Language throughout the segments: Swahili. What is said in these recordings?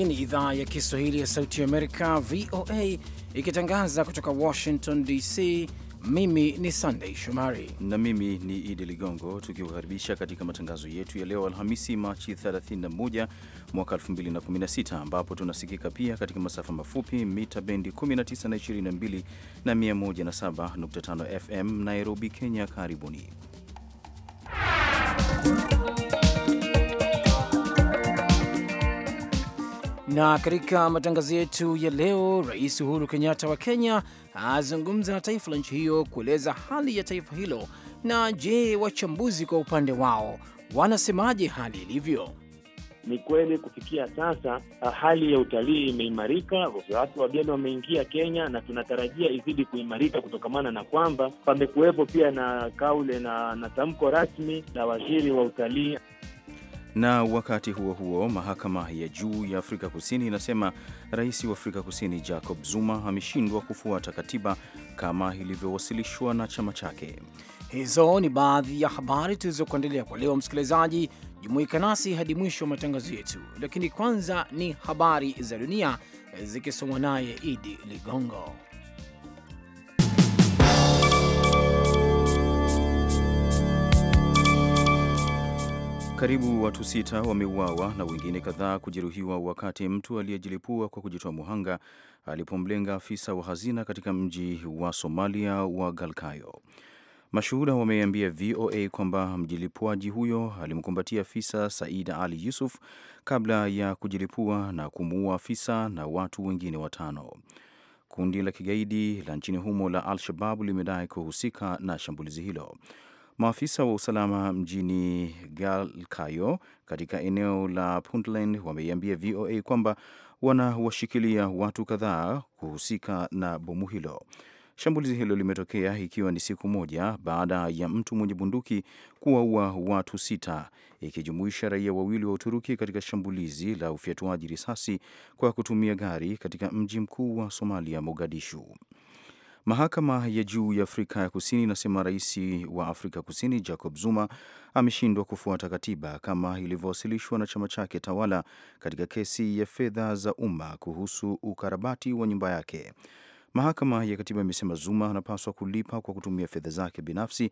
Hii ni idhaa ya Kiswahili ya Sauti ya Amerika, VOA, ikitangaza kutoka Washington DC. Mimi ni Sandei Shomari na mimi ni Idi Ligongo, tukiukaribisha katika matangazo yetu ya leo Alhamisi, Machi 31 mwaka 2016, ambapo tunasikika pia katika masafa mafupi mita bendi 19 na 22 na 107.5 FM Nairobi, Kenya. Karibuni Na katika matangazo yetu ya leo, Rais Uhuru Kenyatta wa Kenya azungumza na taifa la nchi hiyo kueleza hali ya taifa hilo. Na je, wachambuzi kwa upande wao wanasemaje hali ilivyo? Ni kweli kufikia sasa ah, hali ya utalii imeimarika, watu wageni wameingia Kenya na tunatarajia izidi kuimarika kutokamana na kwamba pamekuwepo pia na kaule na, na tamko rasmi la waziri wa utalii na wakati huo huo, mahakama ya juu ya Afrika Kusini inasema rais wa Afrika Kusini Jacob Zuma ameshindwa kufuata katiba kama ilivyowasilishwa na chama chake. Hizo ni baadhi ya habari tulizokuandalia kwa leo. Msikilizaji, jumuika nasi hadi mwisho wa matangazo yetu, lakini kwanza ni habari za dunia zikisomwa naye Idi Ligongo. Karibu watu sita wameuawa na wengine kadhaa kujeruhiwa wakati mtu aliyejilipua kwa kujitoa muhanga alipomlenga afisa wa hazina katika mji wa Somalia wa Galkayo. Mashuhuda wameambia VOA kwamba mjilipuaji huyo alimkumbatia afisa Said Ali Yusuf kabla ya kujilipua na kumuua afisa na watu wengine watano. Kundi la kigaidi la nchini humo la Al-Shabaab limedai kuhusika na shambulizi hilo. Maafisa wa usalama mjini Galkayo katika eneo la Puntland wameiambia VOA kwamba wanawashikilia watu kadhaa kuhusika na bomu hilo. Shambulizi hilo limetokea ikiwa ni siku moja baada ya mtu mwenye bunduki kuwaua watu sita ikijumuisha raia wawili wa Uturuki katika shambulizi la ufyatuaji risasi kwa kutumia gari katika mji mkuu wa Somalia, Mogadishu. Mahakama ya juu ya Afrika ya Kusini inasema rais wa Afrika Kusini Jacob Zuma ameshindwa kufuata katiba kama ilivyowasilishwa na chama chake tawala katika kesi ya fedha za umma kuhusu ukarabati wa nyumba yake. Mahakama ya Katiba imesema Zuma anapaswa kulipa kwa kutumia fedha zake binafsi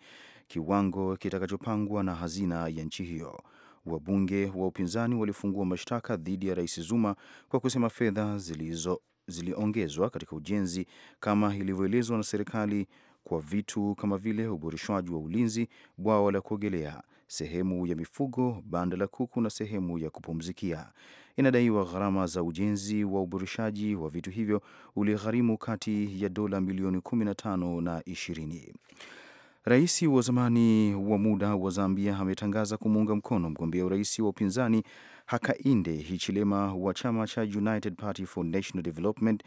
kiwango kitakachopangwa na hazina ya nchi hiyo. Wabunge wa upinzani walifungua mashtaka dhidi ya rais Zuma kwa kusema fedha zilizo ziliongezwa katika ujenzi kama ilivyoelezwa na serikali kwa vitu kama vile uboreshwaji wa ulinzi, bwawa la kuogelea, sehemu ya mifugo, banda la kuku na sehemu ya kupumzikia. Inadaiwa gharama za ujenzi wa uboreshaji wa vitu hivyo uligharimu kati ya dola milioni 15 na 20. Rais wa zamani wa muda wa Zambia ametangaza kumuunga mkono mgombea urais wa upinzani Hakainde Hichilema wa chama cha United Party for National Development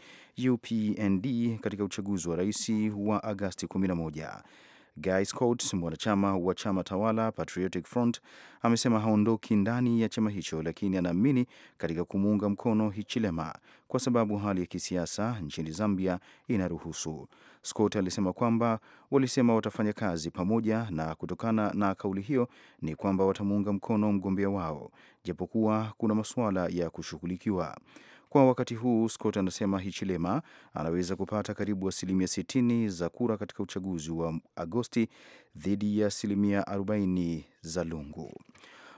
UPND katika uchaguzi wa rais wa Agasti 11. Guy Scott, mwanachama wa chama tawala Patriotic Front, amesema haondoki ndani ya chama hicho, lakini anaamini katika kumuunga mkono Hichilema kwa sababu hali ya kisiasa nchini Zambia inaruhusu. Scott alisema kwamba walisema watafanya kazi pamoja, na kutokana na kauli hiyo ni kwamba watamuunga mkono mgombea wao, japokuwa kuna masuala ya kushughulikiwa. Kwa wakati huu, Scott anasema Hichilema anaweza kupata karibu asilimia 60 za kura katika uchaguzi wa Agosti dhidi ya asilimia 40 za Lungu.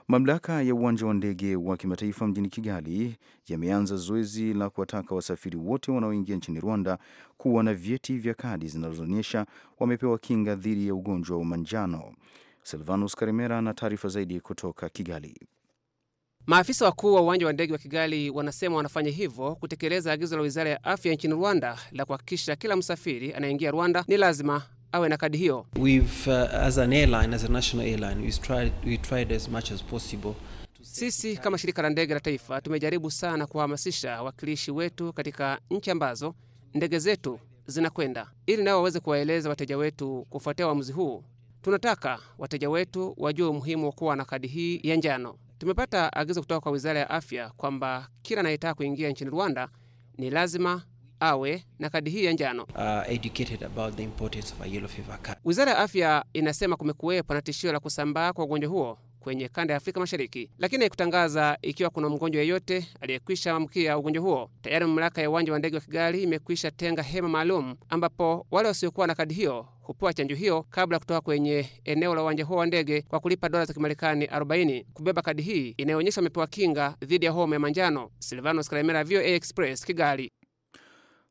Mamlaka ya uwanja wa ndege wa kimataifa mjini Kigali yameanza zoezi la kuwataka wasafiri wote wanaoingia nchini Rwanda kuwa na vyeti vya kadi zinazoonyesha wamepewa kinga dhidi ya ugonjwa wa manjano. Silvanus Karimera ana taarifa zaidi kutoka Kigali. Maafisa wakuu wa uwanja wa ndege wa Kigali wanasema wanafanya hivyo kutekeleza agizo la wizara ya afya nchini Rwanda la kuhakikisha kila msafiri anayeingia Rwanda ni lazima awe na kadi hiyo. Sisi kama shirika la ndege la taifa tumejaribu sana kuwahamasisha wakilishi wetu katika nchi ambazo ndege zetu zinakwenda, ili nao waweze kuwaeleza wateja wetu kufuatia uamuzi huu. Tunataka wateja wetu wajue umuhimu wa kuwa na kadi hii ya njano. Tumepata agizo kutoka kwa wizara ya afya kwamba kila anayetaka kuingia nchini Rwanda ni lazima awe na kadi hii ya njano. Uh, wizara ya afya inasema kumekuwepo na tishio la kusambaa kwa ugonjwa huo kwenye kanda ya Afrika Mashariki, lakini haikutangaza ikiwa kuna mgonjwa yeyote aliyekwisha amkia ugonjwa huo. Tayari mamlaka ya uwanja wa ndege wa Kigali imekwisha tenga hema maalum ambapo wale wasiokuwa na kadi hiyo hupewa chanjo hiyo kabla ya kutoka kwenye eneo la uwanja huo wa ndege kwa kulipa dola za Kimarekani 40. Kubeba kadi hii inayoonyesha wamepewa kinga dhidi ya homa ya manjano. Silvanos Kalemera, VOA Express, Kigali.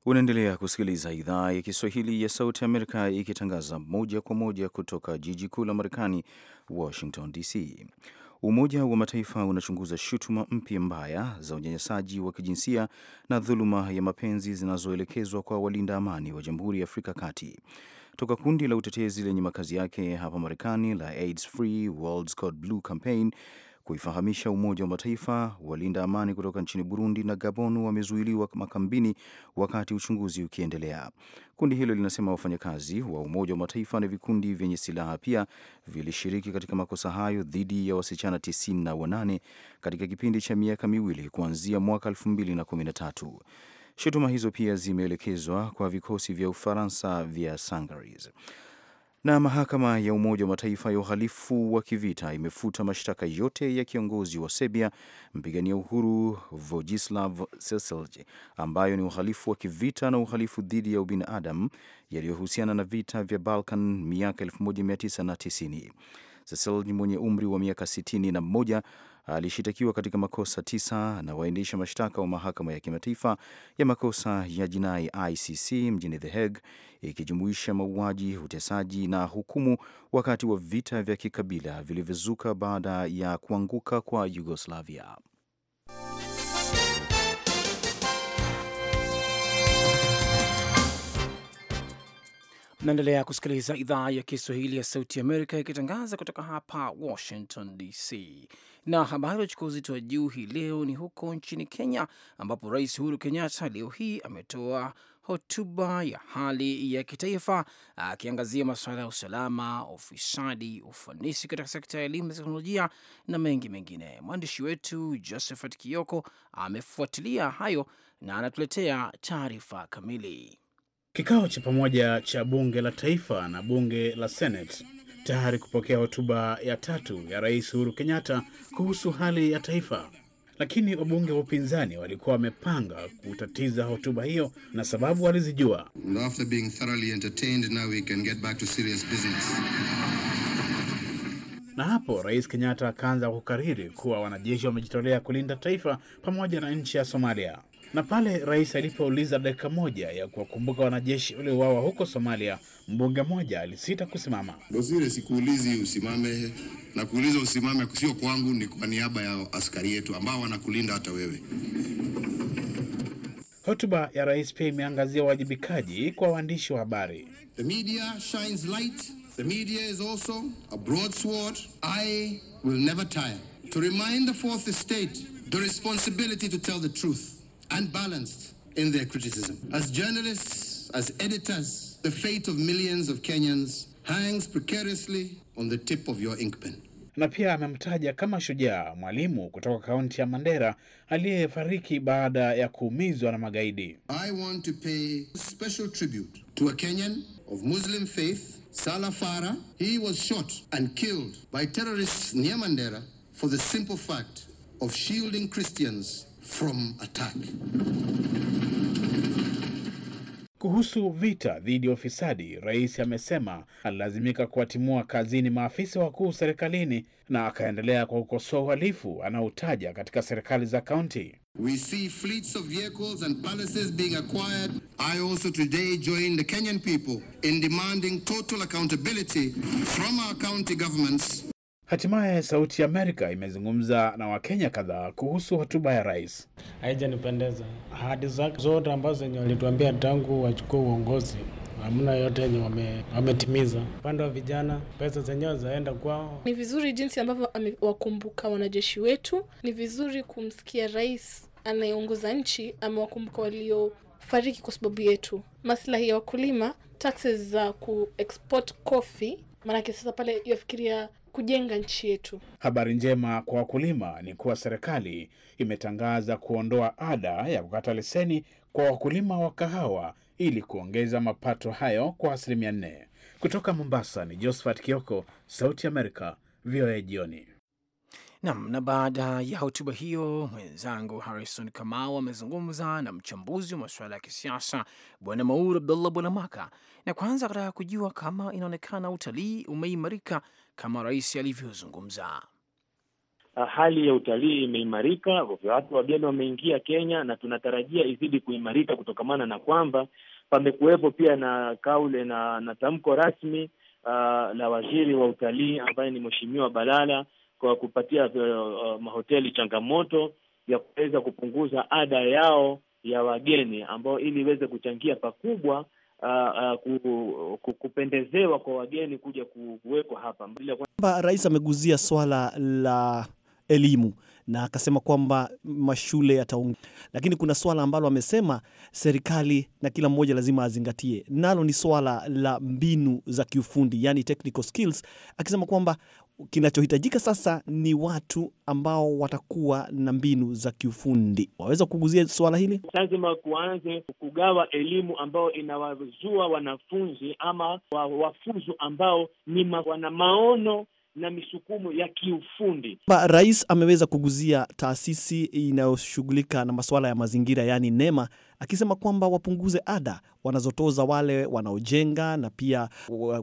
Unaendelea kusikiliza idhaa ya Kiswahili ya Sauti Amerika ikitangaza moja kwa moja kutoka jiji kuu la Marekani, Washington DC. Umoja wa Mataifa unachunguza shutuma mpya mbaya za unyanyasaji wa kijinsia na dhuluma ya mapenzi zinazoelekezwa kwa walinda amani wa Jamhuri ya Afrika Kati toka kundi la utetezi lenye makazi yake hapa Marekani la AIDS Free World's Code Blue Campaign kuifahamisha Umoja wa Mataifa walinda amani kutoka nchini Burundi na Gabon wamezuiliwa makambini wakati uchunguzi ukiendelea. Kundi hilo linasema wafanyakazi wa Umoja wa Mataifa na vikundi vyenye silaha pia vilishiriki katika makosa hayo dhidi ya wasichana 98 katika kipindi cha miaka miwili kuanzia mwaka 2013. Shutuma hizo pia zimeelekezwa kwa vikosi vya Ufaransa vya Sangaris. Na mahakama ya Umoja wa Mataifa ya uhalifu wa kivita imefuta mashtaka yote ya kiongozi wa Serbia mpigania uhuru Vojislav Seselj ambayo ni uhalifu wa kivita na uhalifu dhidi ya ubinadamu yaliyohusiana na vita vya Balkan miaka 1990. Sesel mwenye umri wa miaka sitini na mmoja alishitakiwa katika makosa tisa na waendesha mashtaka wa mahakama ya kimataifa ya makosa ya jinai ICC mjini The Hague, ikijumuisha mauaji, utesaji na hukumu wakati wa vita vya kikabila vilivyozuka baada ya kuanguka kwa Yugoslavia. Naendelea kusikiliza idhaa ya Kiswahili ya Sauti Amerika ikitangaza kutoka hapa Washington DC. Na habari wachukua uzito wa juu hii leo ni huko nchini Kenya, ambapo Rais Uhuru Kenyatta leo hii ametoa hotuba ya hali ya kitaifa akiangazia masuala ya usalama, ufisadi, ufanisi katika sekta ya elimu na teknolojia na mengi mengine. Mwandishi wetu Josephat Kioko amefuatilia hayo na anatuletea taarifa kamili. Kikao cha pamoja cha bunge la taifa na bunge la seneti tayari kupokea hotuba ya tatu ya Rais Uhuru Kenyatta kuhusu hali ya taifa, lakini wabunge wa upinzani walikuwa wamepanga kutatiza hotuba hiyo na sababu walizijua. Na hapo Rais Kenyatta akaanza kukariri kuwa wanajeshi wamejitolea kulinda taifa pamoja na nchi ya Somalia. Na pale rais alipouliza dakika moja ya kuwakumbuka wanajeshi waliouawa huko Somalia, mbunge mmoja alisita kusimama. Waziri, sikuulizi usimame, na kuuliza usimame sio kwangu, ni kwa niaba ya askari yetu ambao wanakulinda hata wewe. Hotuba ya rais pia imeangazia uwajibikaji kwa waandishi wa habari. The media shines light. The media is also a broadsword. I will never tire to remind the fourth estate the responsibility to tell the truth and balanced in their criticism. As journalists, as editors, the fate of millions of Kenyans hangs precariously on the tip of your ink pen. Na pia amemtaja kama shujaa mwalimu kutoka kaunti ya Mandera aliyefariki baada ya kuumizwa na magaidi. I want to pay special tribute to a Kenyan of Muslim faith, Salah Farah. He was shot and killed by terrorists near Mandera for the simple fact of shielding Christians from attack. Kuhusu vita dhidi ya ufisadi, rais amesema alilazimika kuwatimua kazini maafisa wakuu serikalini na akaendelea kwa kukosoa uhalifu anaotaja katika serikali za kaunti. We see fleets of vehicles and palaces being acquired. I also today join the Kenyan people in demanding total accountability from our county governments Hatimaye Sauti ya Amerika imezungumza na Wakenya kadhaa kuhusu hotuba ya rais. Haijanipendeza, ahadi zake zote ambazo zenye walituambia tangu wachukua uongozi hamna yote yenye wame, wametimiza. Upande wa vijana, pesa zenyewe zaenda kwao. Ni vizuri jinsi ambavyo amewakumbuka wanajeshi wetu. Ni vizuri kumsikia rais anayeongoza nchi amewakumbuka waliofariki kwa sababu yetu. Maslahi ya wakulima, taxes za kuexport coffee, maanake sasa pale yafikiria kujenga nchi yetu. Habari njema kwa wakulima ni kuwa serikali imetangaza kuondoa ada ya kukata leseni kwa wakulima wa kahawa ili kuongeza mapato hayo kwa asilimia nne. Kutoka Mombasa ni Josephat Kioko, Sauti Amerika, VOA jioni. Nam. Na baada ya hotuba hiyo, mwenzangu Harrison Kamau amezungumza na mchambuzi wa masuala ya kisiasa Bwana Maur Abdullah Bwanamaka, na kwanza kataka kujua kama inaonekana utalii umeimarika kama rais alivyozungumza. Ah, hali ya utalii imeimarika, watu wageni wameingia Kenya na tunatarajia izidi kuimarika kutokamana na kwamba pamekuwepo pia na kaule na, na tamko rasmi uh, la waziri wa utalii ambaye ni Mheshimiwa Balala kwa kupatia uh, uh, mahoteli changamoto ya kuweza kupunguza ada yao ya wageni ambao ili iweze kuchangia pakubwa Uh, uh, kupendezewa kwa wageni kuja kuwekwa hapa. Kwamba rais ameguzia swala la elimu na akasema kwamba mashule yataungi, lakini kuna swala ambalo amesema serikali na kila mmoja lazima azingatie, nalo ni swala la mbinu za kiufundi, yani technical skills, akisema kwamba kinachohitajika sasa ni watu ambao watakuwa na mbinu za kiufundi. Waweza kuguzia suala hili? Lazima kuanze kugawa elimu ambayo inawazua wanafunzi ama wafuzu ambao ni ma, wana maono na misukumo ya kiufundi. Rais ameweza kuguzia taasisi inayoshughulika na masuala ya mazingira, yaani NEMA, akisema kwamba wapunguze ada wanazotoza wale wanaojenga na pia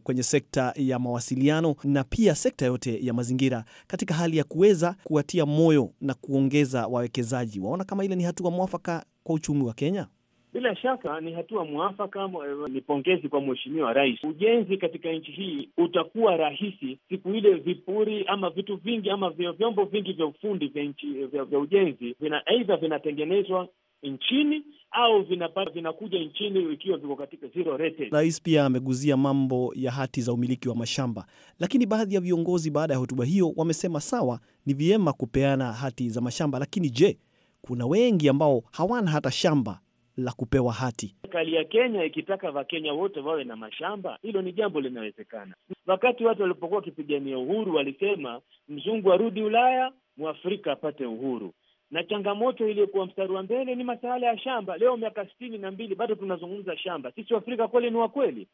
kwenye sekta ya mawasiliano na pia sekta yote ya mazingira, katika hali ya kuweza kuwatia moyo na kuongeza wawekezaji. Waona kama ile ni hatua mwafaka kwa uchumi wa Kenya? Bila shaka ni hatua mwafaka, eh, ni pongezi kwa mheshimiwa rais. Ujenzi katika nchi hii utakuwa rahisi siku ile vipuri ama vitu vingi ama vyombo vingi vya ufundi vya nchi eh, vya ujenzi vina aidha vinatengenezwa nchini au vinapata vinakuja nchini ikiwa viko katika zero rated. Rais pia ameguzia mambo ya hati za umiliki wa mashamba, lakini baadhi ya viongozi baada ya hotuba hiyo wamesema sawa, ni vyema kupeana hati za mashamba, lakini je, kuna wengi ambao hawana hata shamba la kupewa hati. Serikali ya Kenya ikitaka Wakenya wote wawe na mashamba, hilo ni jambo linawezekana. Wakati watu walipokuwa wakipigania uhuru, walisema mzungu arudi Ulaya, mwafrika apate uhuru na changamoto iliyokuwa mstari wa mbele ni masuala ya shamba. Leo miaka sitini na mbili bado tunazungumza shamba. Sisi Waafrika kweli ni wakweli?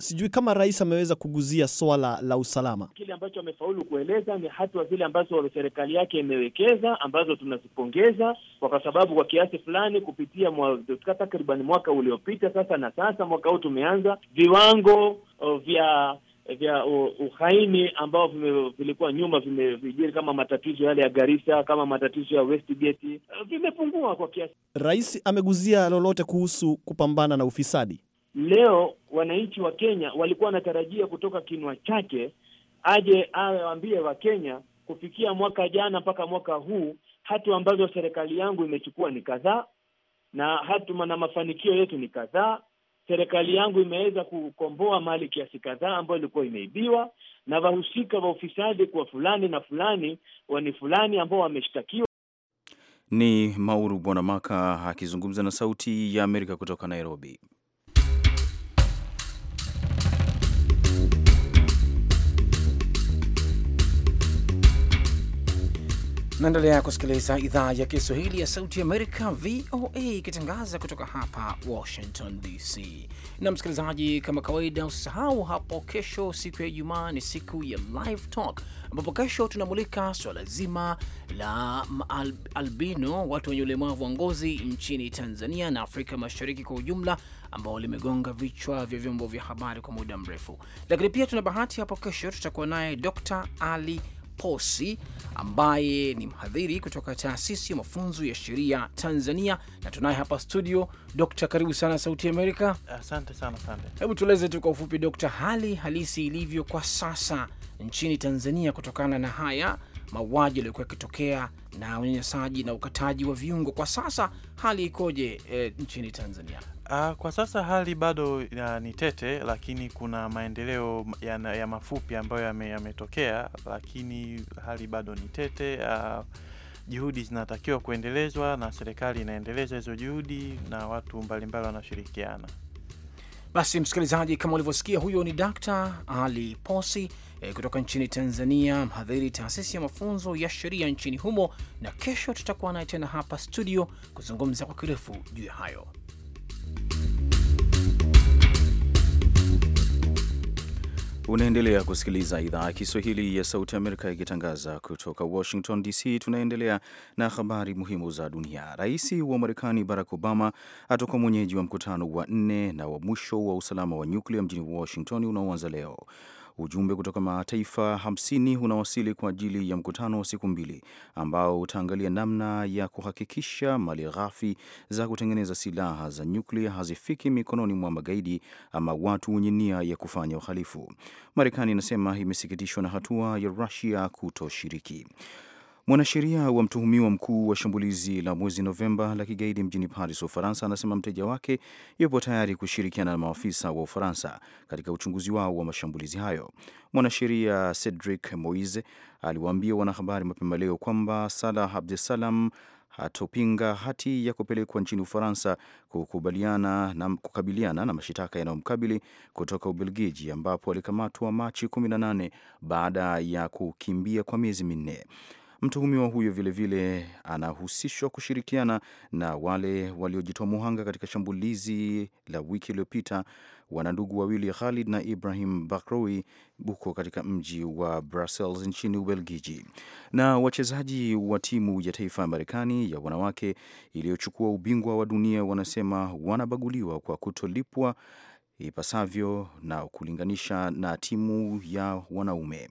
Sijui kama rais ameweza kuguzia swala la usalama. Kile ambacho amefaulu kueleza ni hatua zile ambazo serikali yake imewekeza ambazo tunazipongeza, kwa sababu kwa kiasi fulani kupitia takriban mwaka uliopita sasa na sasa mwaka huu tumeanza viwango o, vya vya uhaini ambao vilikuwa nyuma vimevijiri kama matatizo yale ya Garissa, kama matatizo ya Westgate vimepungua kwa kiasi. Rais ameguzia lolote kuhusu kupambana na ufisadi? Leo wananchi wa Kenya walikuwa wanatarajia kutoka kinwa chake aje awaambie Wakenya kufikia mwaka jana mpaka mwaka huu, hatua ambazo serikali yangu imechukua ni kadhaa na hatuma na mafanikio yetu ni kadhaa. Serikali yangu imeweza kukomboa mali kiasi kadhaa ambayo ilikuwa imeibiwa, na wahusika wa ufisadi kwa fulani na fulani wani fulani ambao wameshtakiwa. Ni Mauru Bwanamaka akizungumza na Sauti ya Amerika kutoka Nairobi. Naendelea kusikiliza idhaa ya Kiswahili ya Sauti Amerika, VOA, ikitangaza kutoka hapa Washington DC. Na msikilizaji, kama kawaida, usisahau hapo kesho, siku ya Ijumaa, ni siku ya Live Talk, ambapo kesho tunamulika swala zima la albino, watu wenye ulemavu wa ngozi nchini Tanzania na Afrika Mashariki kwa ujumla, ambao limegonga vichwa vya vyombo vya habari kwa muda mrefu. Lakini pia tuna bahati hapo kesho tutakuwa naye Dr Ali Posi ambaye ni mhadhiri kutoka taasisi ya mafunzo ya sheria Tanzania, na tunaye hapa studio. Dokta, karibu sana Sauti ya Amerika. Asante sana. Asante. Hebu tueleze tu kwa ufupi, Dokta, hali halisi ilivyo kwa sasa nchini Tanzania kutokana na haya mauaji yaliyokuwa yakitokea na unyanyasaji na ukataji wa viungo. Kwa sasa hali ikoje, eh, nchini Tanzania? Uh, kwa sasa hali bado uh, ni tete, lakini kuna maendeleo ya, ya mafupi ambayo yametokea ya lakini hali bado ni tete. Uh, juhudi zinatakiwa kuendelezwa na serikali inaendeleza hizo juhudi na watu mbalimbali wanashirikiana. Basi msikilizaji, kama ulivyosikia, huyo ni Dkt. Ali Posi e, kutoka nchini Tanzania, mhadhiri taasisi ya mafunzo ya sheria nchini humo, na kesho tutakuwa naye tena hapa studio kuzungumza kwa kirefu juu ya hayo. Unaendelea kusikiliza idhaa ya Kiswahili ya Sauti Amerika ikitangaza kutoka Washington DC. Tunaendelea na habari muhimu za dunia. Rais wa Marekani Barack Obama atoka mwenyeji wa mkutano wa nne na wa mwisho wa usalama wa nyuklia mjini Washington unaoanza leo. Ujumbe kutoka mataifa 50 unawasili kwa ajili ya mkutano wa siku mbili ambao utaangalia namna ya kuhakikisha mali ghafi za kutengeneza silaha za nyuklia hazifiki mikononi mwa magaidi ama watu wenye nia ya kufanya uhalifu. Marekani inasema imesikitishwa na hatua ya Rusia kutoshiriki. Mwanasheria wa mtuhumiwa mkuu wa shambulizi la mwezi Novemba la kigaidi mjini Paris, Ufaransa, anasema mteja wake yupo tayari kushirikiana na maafisa wa Ufaransa katika uchunguzi wao wa mashambulizi hayo. Mwanasheria Cedric Moise aliwaambia wanahabari mapema leo kwamba Salah abdusalam hatopinga hati ya kupelekwa nchini Ufaransa kukubaliana na kukabiliana na mashitaka yanayomkabili kutoka Ubelgiji ambapo alikamatwa Machi 18 baada ya kukimbia kwa miezi minne. Mtuhumiwa huyo vilevile anahusishwa kushirikiana na wale waliojitoa muhanga katika shambulizi la wiki iliyopita wanandugu wawili Khalid na Ibrahim Bakrowi Buko katika mji wa Brussels nchini Ubelgiji. Na wachezaji wa timu ya taifa ya Marekani ya wanawake iliyochukua ubingwa wa dunia wanasema wanabaguliwa kwa kutolipwa ipasavyo na kulinganisha na timu ya wanaume.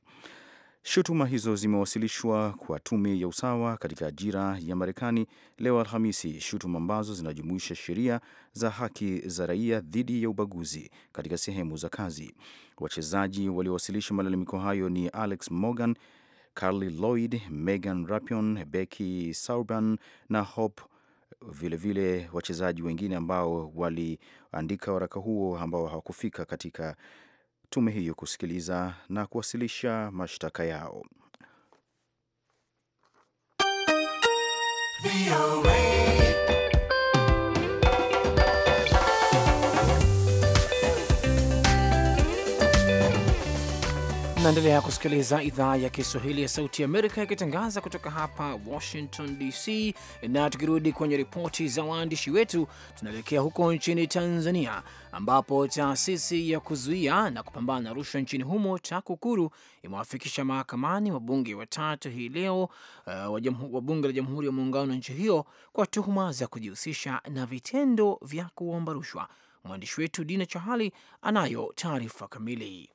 Shutuma hizo zimewasilishwa kwa tume ya usawa katika ajira ya Marekani leo Alhamisi, shutuma ambazo zinajumuisha sheria za haki za raia dhidi ya ubaguzi katika sehemu za kazi. Wachezaji waliowasilisha malalamiko hayo ni Alex Morgan, Carly Lloyd, Megan Rapion, Becky Sauban na Hope vilevile wachezaji wengine ambao waliandika waraka huo ambao hawakufika katika tume hiyo kusikiliza na kuwasilisha mashtaka yao. Naendelea kusikiliza idhaa ya Kiswahili ya Sauti Amerika ikitangaza kutoka hapa Washington DC. Na tukirudi kwenye ripoti za waandishi wetu, tunaelekea huko nchini Tanzania ambapo taasisi ya kuzuia na kupambana na rushwa nchini humo TAKUKURU imewafikisha mahakamani wabunge watatu hii leo uh, wa bunge la Jamhuri ya Muungano wa nchi hiyo kwa tuhuma za kujihusisha na vitendo vya kuomba rushwa. Mwandishi wetu Dina Chahali anayo taarifa kamili.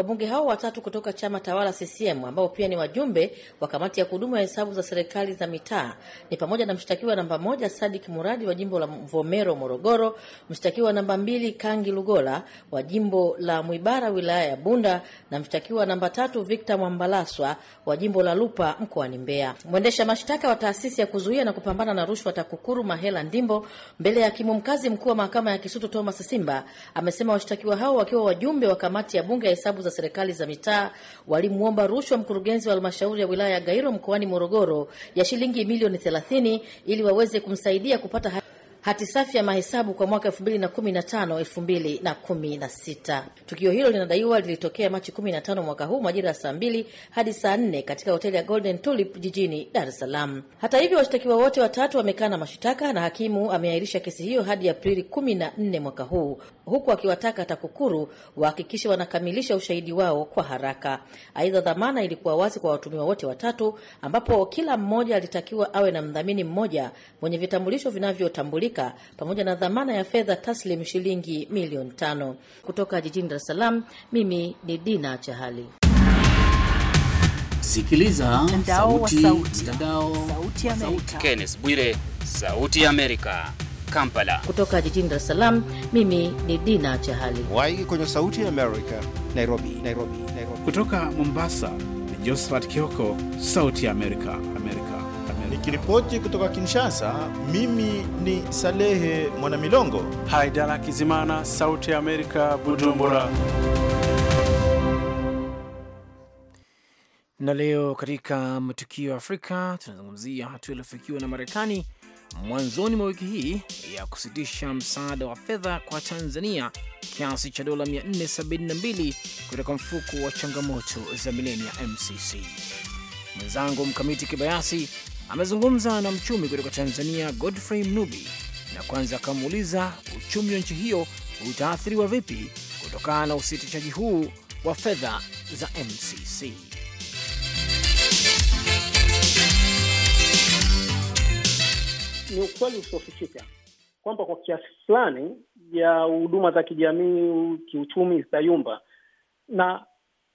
Wabunge hao watatu kutoka chama tawala CCM ambao pia ni wajumbe wa kamati ya kudumu ya hesabu za serikali za mitaa ni pamoja na mshtakiwa namba moja Sadik Muradi wa jimbo la Mvomero Morogoro, mshtakiwa namba mbili Kangi Lugola wa jimbo la Mwibara wilaya ya Bunda na mshtakiwa namba tatu Victor Mwambalaswa wa jimbo la Lupa mkoani Mbeya. Mwendesha mashtaka wa taasisi ya kuzuia na kupambana na rushwa TAKUKURU Mahela Ndimbo mbele ya hakimu mkazi mkuu wa mahakama ya Kisutu Thomas Simba amesema washtakiwa hao wakiwa wajumbe wa kamati ya bunge ya hesabu za za serikali za mitaa walimwomba rushwa mkurugenzi wa halmashauri ya wilaya ya Gairo mkoani Morogoro ya shilingi milioni 30 ili waweze kumsaidia kupata hati safi ya mahesabu kwa mwaka 2015 2016. Tukio hilo linadaiwa lilitokea Machi 15 mwaka huu majira ya saa 2 hadi saa 4 katika hoteli ya Golden Tulip jijini Dar es Salaam. Hata hivyo, washtakiwa wote watatu wamekana mashitaka na hakimu ameahirisha kesi hiyo hadi Aprili 14 mwaka huu huku akiwataka TAKUKURU wahakikishe wanakamilisha ushahidi wao kwa haraka. Aidha, dhamana ilikuwa wazi kwa watumiwa wote watatu, ambapo kila mmoja alitakiwa awe na mdhamini mmoja mwenye vitambulisho vinavyotambulika pamoja na dhamana ya fedha taslim shilingi milioni tano. Kutoka jijini Dar es Salaam, mimi ni Dina Chahali. Sikiliza mtandao wa sauti, mtandao sauti Amerika. Kenneth Bwire, Sauti Amerika. Kampala. Kutoka jijini Dar es Salaam, mimi ni Dina Chahali Waigi kwenye Sauti ya Amerika, Nairobi, Nairobi, Nairobi. Kutoka Mombasa ni Josephat Kioko, Sauti ya Amerika, Amerika. Nikiripoti kutoka Kinshasa, mimi ni Salehe Mwanamilongo. Haidara Kizimana, Sauti ya Amerika, Bujumbura. Na leo katika matukio ya Afrika tunazungumzia hatua iliyofikiwa na Marekani mwanzoni mwa wiki hii ya kusitisha msaada wa fedha kwa Tanzania kiasi cha dola 472 kutoka mfuko wa changamoto za milenia MCC. Mwenzangu Mkamiti Kibayasi amezungumza na mchumi kutoka Tanzania Godfrey Mnubi na kwanza akamuuliza uchumi wa nchi hiyo utaathiriwa vipi kutokana na usitishaji huu wa fedha za MCC. ni ukweli usiofichika kwamba kwa kiasi fulani ya huduma za kijamii, kiuchumi zitayumba, na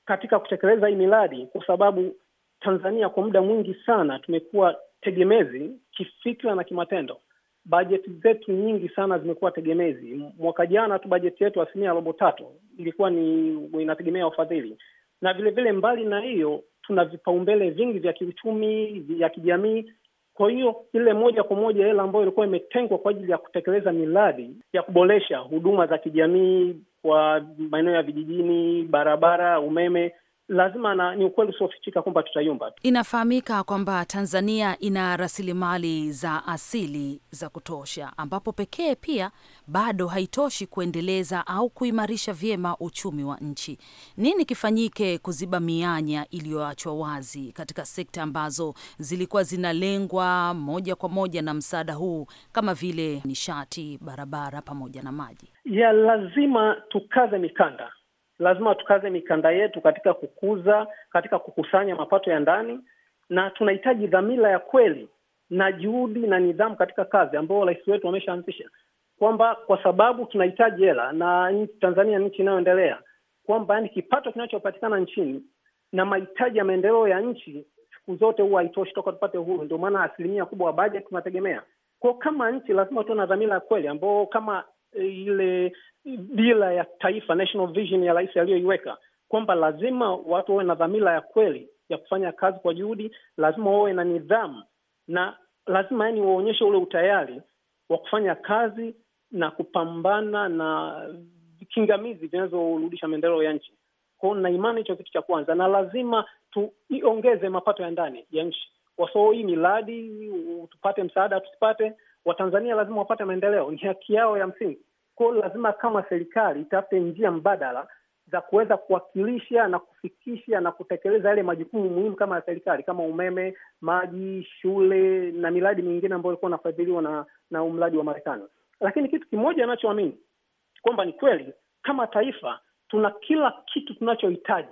katika kutekeleza hii miradi, kwa sababu Tanzania kwa muda mwingi sana tumekuwa tegemezi kifikra na kimatendo. Bajeti zetu nyingi sana zimekuwa tegemezi. Mwaka jana tu bajeti yetu asilimia robo tatu ilikuwa ni inategemea wafadhili, na vilevile, mbali na hiyo, tuna vipaumbele vingi vya kiuchumi, vya kijamii kwa hiyo ile moja kwa moja hela ambayo ilikuwa imetengwa kwa ajili ya kutekeleza miradi ya kuboresha huduma za kijamii kwa maeneo ya vijijini, barabara, umeme lazima na ni ukweli usiofichika kwamba tutayumba. Inafahamika kwamba Tanzania ina rasilimali za asili za kutosha, ambapo pekee pia bado haitoshi kuendeleza au kuimarisha vyema uchumi wa nchi. Nini kifanyike kuziba mianya iliyoachwa wazi katika sekta ambazo zilikuwa zinalengwa moja kwa moja na msaada huu, kama vile nishati, barabara pamoja na maji? Ya lazima tukaze mikanda lazima tukaze mikanda yetu katika kukuza, katika kukusanya mapato ya ndani, na tunahitaji dhamira ya kweli na juhudi na nidhamu katika kazi ambayo rais wetu ameshaanzisha, kwamba kwa sababu tunahitaji hela na Tanzania nchi inayoendelea, kwamba yani kipato kinachopatikana nchini na mahitaji ya maendeleo ya nchi siku zote huwa haitoshi toka tupate uhuru. Ndio maana asilimia kubwa wa bajeti tunategemea kwao. Kama nchi lazima tuwe na dhamira ya kweli ambao kama ile dira ya taifa, national vision ya rais aliyoiweka kwamba lazima watu wawe na dhamira ya kweli ya kufanya kazi kwa juhudi, lazima wawe na nidhamu na lazima yani waonyeshe ule utayari wa kufanya kazi na kupambana na vikingamizi vinazorudisha maendeleo ya nchi kwao. Na imani hicho kitu cha kwanza, na lazima tuiongeze mapato ya ndani ya nchi, wasoo hii miradi tupate msaada tusipate Watanzania lazima wapate maendeleo, ni haki yao ya msingi. Kwa hiyo lazima kama serikali itafute njia mbadala za kuweza kuwakilisha na kufikisha na kutekeleza yale majukumu muhimu kama ya serikali, kama umeme, maji, shule na miradi mingine ambayo ilikuwa inafadhiliwa na na umradi wa Marekani. Lakini kitu kimoja anachoamini kwamba ni kweli, kama taifa tuna kila kitu tunachohitaji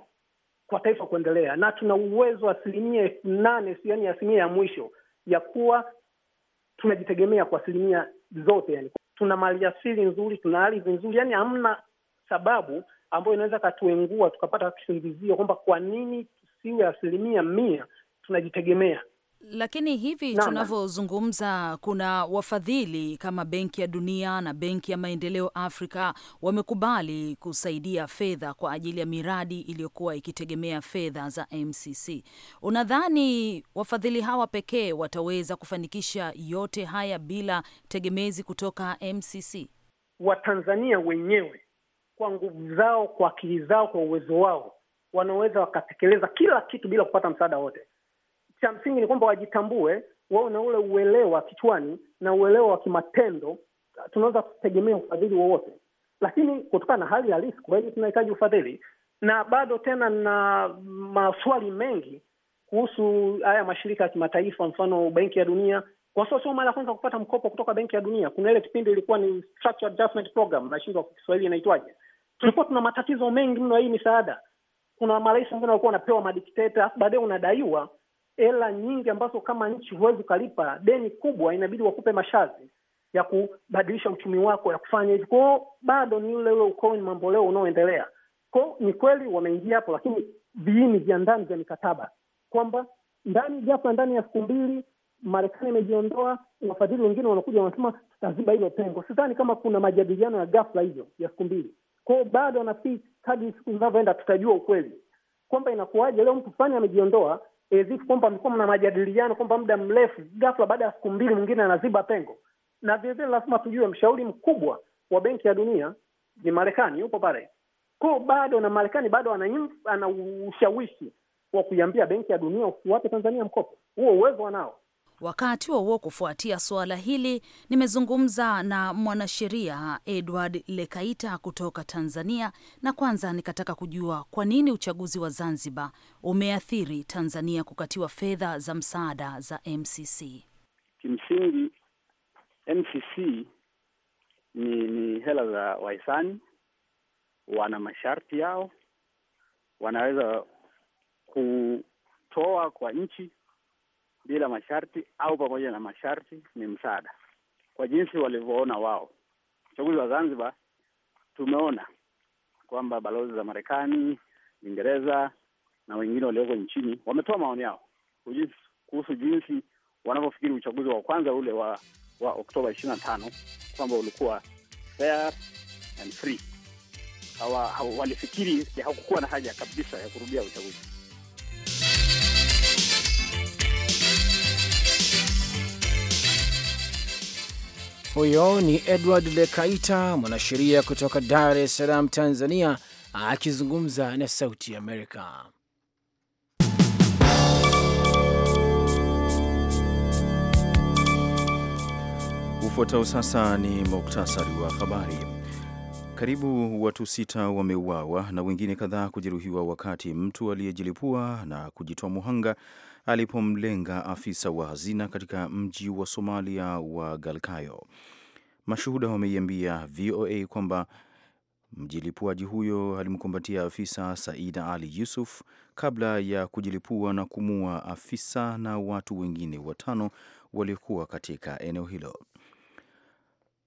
kwa taifa kuendelea, na tuna uwezo asilimia elfu nane, yaani asilimia ya mwisho ya kuwa tunajitegemea kwa asilimia zote yani. Tuna maliasili nzuri, tuna ardhi nzuri, yani hamna sababu ambayo inaweza katuengua tukapata kisingizio kwamba kwa nini tusiwe asilimia mia tunajitegemea. Lakini hivi tunavyozungumza, kuna wafadhili kama Benki ya Dunia na Benki ya Maendeleo Afrika wamekubali kusaidia fedha kwa ajili ya miradi iliyokuwa ikitegemea fedha za MCC. Unadhani wafadhili hawa pekee wataweza kufanikisha yote haya bila tegemezi kutoka MCC? Watanzania wenyewe kwa nguvu zao, kwa akili zao, kwa uwezo wao wanaweza wakatekeleza kila kitu bila kupata msaada wote cha msingi ni kwamba wajitambue, wao na ule uelewa kichwani na uelewa wa kimatendo. Tunaweza kutegemea ufadhili wowote, lakini kutokana na hali halisi kweli tunahitaji ufadhili, na bado tena na maswali mengi kuhusu haya mashirika ya kimataifa, mfano Benki ya Dunia. Kwa sasa sio mara ya kwanza kupata mkopo kutoka Benki ya Dunia. Kuna ile kipindi ilikuwa ni Structured Adjustment Program, nashindwa kwa Kiswahili inaitwaje. Tulikuwa tuna matatizo mengi mno ya hii misaada. Kuna marais wengine walikuwa wanapewa madikteta, baadaye unadaiwa hela nyingi ambazo kama nchi huwezi ukalipa, deni kubwa, inabidi wakupe masharti ya kubadilisha uchumi wako ya kufanya hivi. Kwao bado ni ule ule ukoloni mambo leo unaoendelea. Kwao ni kweli wameingia hapo, lakini viini vya ndani vya mikataba kwamba ndani japo ndani ya siku mbili Marekani imejiondoa, wafadhili wengine wanakuja wanasema tutaziba hilo pengo. Sidhani kama kuna majadiliano ya ghafla hivyo ya siku mbili. Kwao bado nafikiri kadri siku zinavyoenda tutajua ukweli kwamba inakuwaje. Leo mtu fulani amejiondoa ezifu kwamba mlikuwa mna majadiliano kwamba muda mrefu, ghafla baada ya siku mbili mwingine anaziba pengo. Na vilevile lazima tujue mshauri mkubwa wa Benki ya Dunia ni Marekani, yupo pale ko bado, na Marekani bado ana, ana ushawishi wa kuiambia Benki ya Dunia usiwape Tanzania mkopo. Huo uwezo wanao Wakati wa kufuatia suala hili, nimezungumza na mwanasheria Edward Lekaita kutoka Tanzania, na kwanza nikataka kujua kwa nini uchaguzi wa Zanzibar umeathiri Tanzania kukatiwa fedha za msaada za MCC. Kimsingi MCC ni, ni hela za wahisani, wana masharti yao, wanaweza kutoa kwa nchi bila masharti au pamoja na masharti, ni msaada kwa jinsi walivyoona wao. Uchaguzi wa Zanzibar tumeona kwamba balozi za Marekani, Uingereza na wengine walioko nchini wametoa maoni yao kuhusu jinsi wanavyofikiri uchaguzi wa kwanza ule wa, wa Oktoba 25 kwamba ulikuwa fair and free. Hawa, hawa, walifikiri hakukuwa na haja kabisa ya kurudia uchaguzi. Huyo ni Edward Lekaita, mwanasheria kutoka Dar es Salaam, Tanzania, akizungumza na Sauti ya Amerika. Ufuatao sasa ni muktasari wa habari. Karibu watu sita wameuawa na wengine kadhaa kujeruhiwa wakati mtu aliyejilipua na kujitoa muhanga alipomlenga afisa wa hazina katika mji wa Somalia wa Galkayo. Mashuhuda wameiambia VOA kwamba mjilipuaji huyo alimkumbatia afisa Saida Ali Yusuf kabla ya kujilipua na kumua afisa na watu wengine watano waliokuwa katika eneo hilo.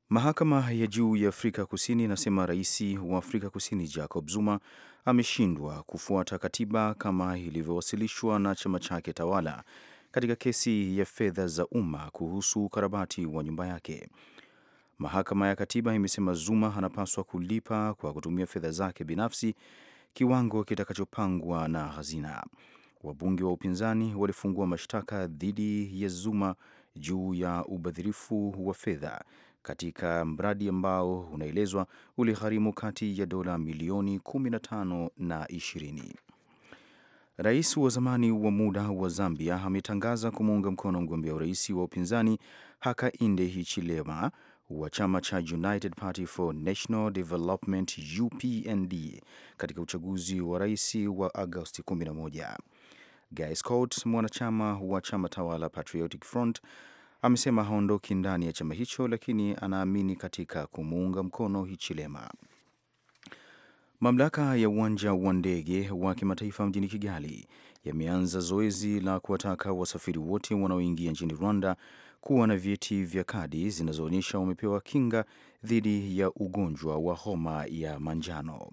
Mahakama ya juu ya Afrika Kusini inasema rais wa Afrika Kusini Jacob Zuma ameshindwa kufuata katiba kama ilivyowasilishwa na chama chake tawala katika kesi ya fedha za umma kuhusu ukarabati wa nyumba yake. Mahakama ya Katiba imesema Zuma anapaswa kulipa kwa kutumia fedha zake binafsi kiwango kitakachopangwa na hazina. Wabunge wa upinzani walifungua mashtaka dhidi ya Zuma juu ya ubadhirifu wa fedha katika mradi ambao unaelezwa uligharimu kati ya dola milioni 15 na 20. Rais wa zamani wa muda wa Zambia ametangaza kumuunga mkono mgombea urais wa upinzani Hakainde Hichilema wa chama cha United Party for National Development UPND katika uchaguzi wa rais wa Agosti 11. Guy Scott, mwanachama wa chama tawala Patriotic Front amesema haondoki ndani ya chama hicho, lakini anaamini katika kumuunga mkono Hichilema. Mamlaka ya uwanja wa ndege wa kimataifa mjini Kigali yameanza zoezi la kuwataka wasafiri wote wanaoingia nchini Rwanda kuwa na vyeti vya kadi zinazoonyesha wamepewa kinga dhidi ya ugonjwa wa homa ya manjano.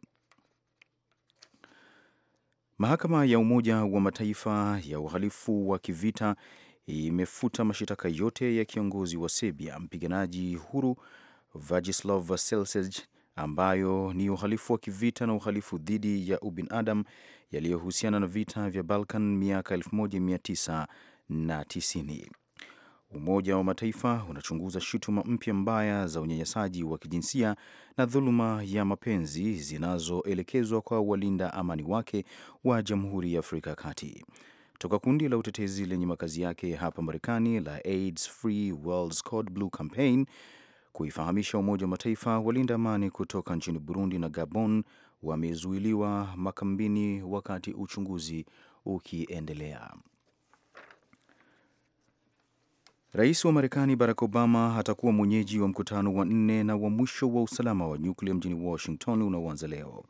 Mahakama ya Umoja wa Mataifa ya uhalifu wa kivita imefuta mashitaka yote ya kiongozi wa Serbia mpiganaji huru Vajislav Selsej ambayo ni uhalifu wa kivita na uhalifu dhidi ya ubinadamu yaliyohusiana na vita vya Balkan miaka 1990. Umoja wa Mataifa unachunguza shutuma mpya mbaya za unyanyasaji wa kijinsia na dhuluma ya mapenzi zinazoelekezwa kwa walinda amani wake wa Jamhuri ya Afrika ya Kati toka kundi la utetezi lenye makazi yake hapa Marekani la AIDS Free World's Code Blue Campaign kuifahamisha Umoja wa Mataifa walinda amani kutoka nchini Burundi na Gabon wamezuiliwa makambini wakati uchunguzi ukiendelea. Rais wa Marekani Barack Obama atakuwa mwenyeji wa mkutano wa nne na wa mwisho wa usalama wa nyuklia mjini Washington unaoanza leo.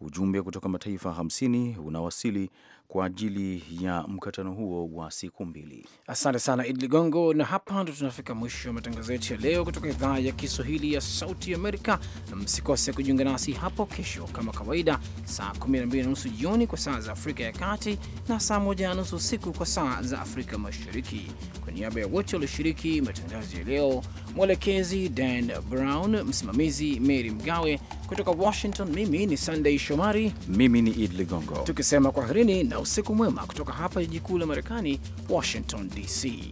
Ujumbe kutoka mataifa 50 unawasili kwa ajili ya mkutano huo wa siku mbili. Asante sana Idi Ligongo, na hapa ndo tunafika mwisho wa matangazo yetu ya leo kutoka idhaa ya Kiswahili ya Sauti Amerika, na msikose kujiunga nasi hapo kesho kama kawaida, saa 12 na nusu jioni kwa saa za Afrika ya Kati na saa 1 na nusu usiku kwa saa za Afrika Mashariki. Kwa niaba ya wote walioshiriki matangazo ya leo, mwelekezi Dan Brown, msimamizi Mary Mgawe kutoka Washington, mimi ni Sunday Shomari, mimi ni Idi Ligongo, tukisema kwaherini na na usiku mwema kutoka hapa jiji kuu la Marekani, Washington DC.